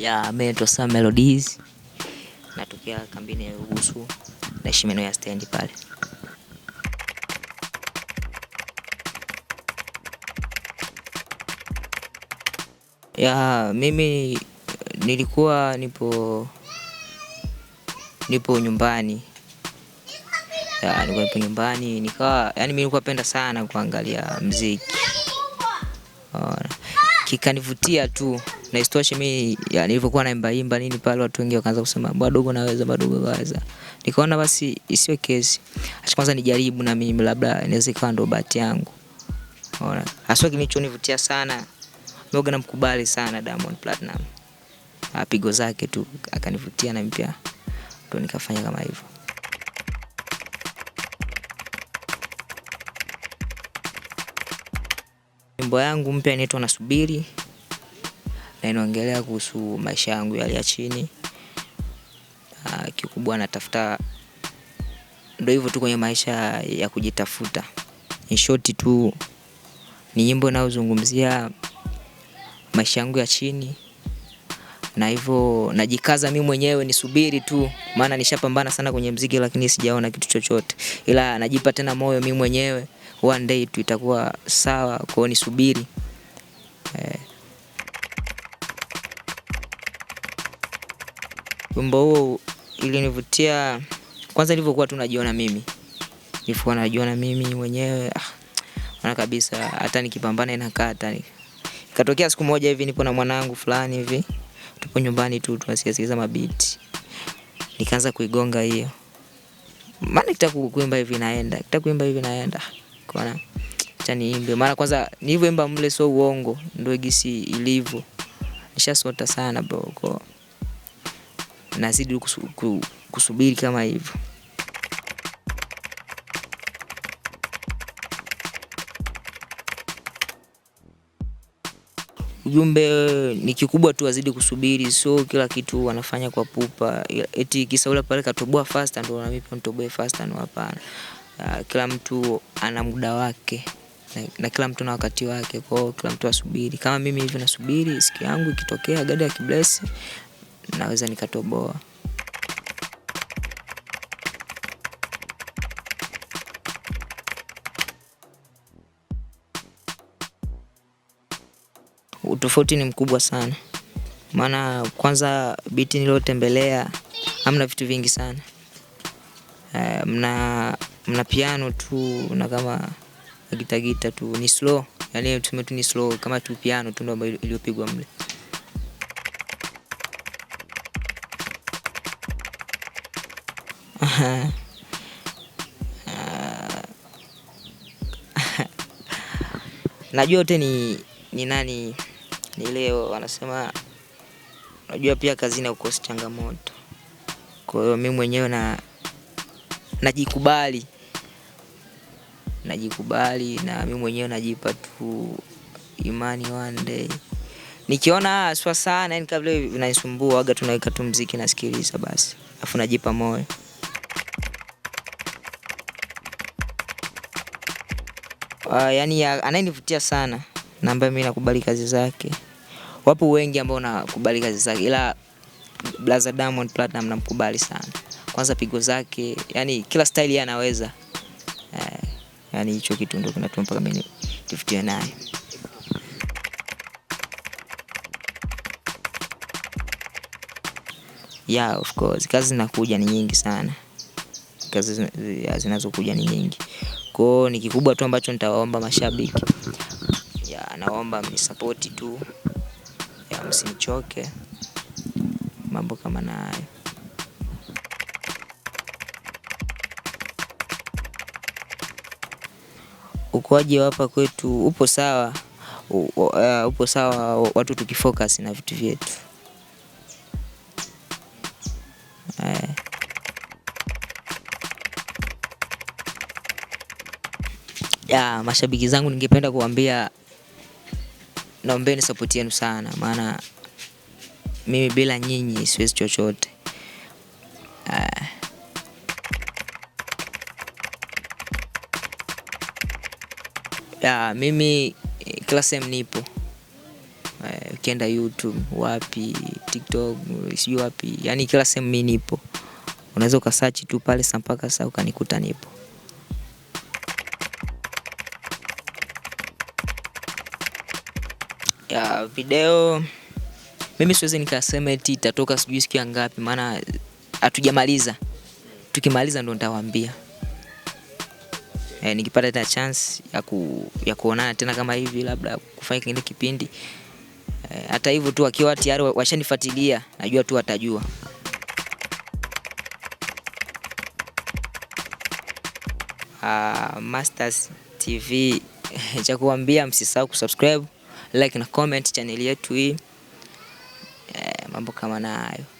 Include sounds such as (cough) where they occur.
ya ameitwa Sam Melodies, natokea kambini ya Ugusu, na shimeno ya stendi pale. Ya mimi nilikuwa nipo nipo nyumbani ya, nilikuwa nipo nyumbani nikawa, yani mimi nilikuwa penda sana kuangalia mziki, kikanivutia tu na isitoshe mimi yani, nilivyokuwa naimba imba nini pale, watu wengi wakaanza kusema badogo naweza, badogo naweza. Nikaona basi isiwe kesi, acha kwanza nijaribu na mimi, labda inaweza ikawa ndo bahati yangu. Unaona, hasa kilichonivutia sana mimi, namkubali sana Diamond Platinum, apigo ah, zake tu akanivutia, na mpya ndo nikafanya kama hivyo. Wimbo yangu mpya inaitwa Nasubiri na inaongelea kuhusu maisha yangu ya ya chini. Kikubwa natafuta ndo hivyo tu kwenye maisha ya kujitafuta. In short tu ni nyimbo inayozungumzia maisha yangu ya chini. Na hivyo najikaza mi mwenyewe nisubiri tu. Maana nishapambana sana kwenye mziki lakini sijaona kitu chochote. Ila najipa tena moyo mi mwenyewe One day tu itakuwa sawa kwa hiyo eh. Wimbo huo ilinivutia kwanza, nilivyokuwa tu najiona mimi, nilikuwa najiona mimi mwenyewe ana ah, kabisa, hata nikipambana inakaa hata. Ikatokea siku moja hivi, nipo na mwanangu fulani hivi, tupo nyumbani tu tunasikiliza mabiti, nikaanza kuigonga hiyo, maana kitaku kuimba hivi naenda, kitaku kuimba hivi naenda kwa acha niimbe, maana kwanza nilivyoimba mle, sio uongo, ndio gisi ilivyo, nishasota sana bro kwa nazidi kusubiri kama hivyo. Ujumbe eh, ni kikubwa tu, wazidi kusubiri, so kila kitu wanafanya kwa pupa, eti Kisaula pale katoboa fasta ndo na mimi fasta, ndo hapana. kila mtu ana muda wake na, na kila mtu na wakati wake kwao, kila mtu asubiri. Kama mimi hivi nasubiri siku yangu ikitokea, ya kiblesi naweza nikatoboa. Utofauti ni mkubwa sana, maana kwanza biti niliyotembelea hamna vitu vingi sana. Uh, mna mna piano tu na kama gitagita tu, ni slow, yani tuseme tu ni slow, kama tu piano tu ndo ambayo iliyopigwa mle. (laughs) Najua yote ni, ni nani ni leo wanasema, najua pia kazini ukosi changamoto. Kwa hiyo mimi mwenyewe na najikubali najikubali na mimi mwenyewe najipa tu imani, one day nikiona ah, swa sana, yani kabla vinanisumbua, waga tunaweka tu mziki nasikiliza basi, afu najipa moyo. uh, yani ya, anayenivutia sana na ambaye mimi nakubali kazi zake. Wapo wengi ambao nakubali kazi zake, ila Blaza Diamond Platinum namkubali sana, kwanza pigo zake, yani kila style yeye anaweza uh, yani hicho kitu ndio kinatuma mpaka mimi nivutie naye. Yeah, of course kazi zinakuja ni nyingi sana, kazi zinazokuja ni nyingi. Kwao ni kikubwa tu ambacho nitawaomba mashabiki ya, naomba mnisapoti tu ya, msinichoke, mambo kama na ukoaji Ukuaji wa hapa kwetu upo sawa, upo sawa, watu tukifocus na vitu vyetu. ya mashabiki zangu ningependa kuambia, naombeni support yenu sana, maana mimi bila nyinyi siwezi chochote. ya mimi kila sehemu nipo, eh, ukienda uh, YouTube wapi, TikTok sijui wapi, yani kila sehemu mimi nipo, unaweza ukasearch tu pale Sampaka sasa ukanikuta nipo. ya video mimi siwezi nikasema eti itatoka sijui siku ngapi, maana hatujamaliza. Tukimaliza ndo nitawaambia. E, nikipata ta chance ya, ku, ya kuonana tena kama hivi labda kufanya kingine kipindi e, hata hivyo tu wakiwa tayari washanifuatilia najua tu watajua. Uh, masters TV (laughs) cha kuambia msisahau kusubscribe like na comment channel yetu hii, eh, mambo kama nayo.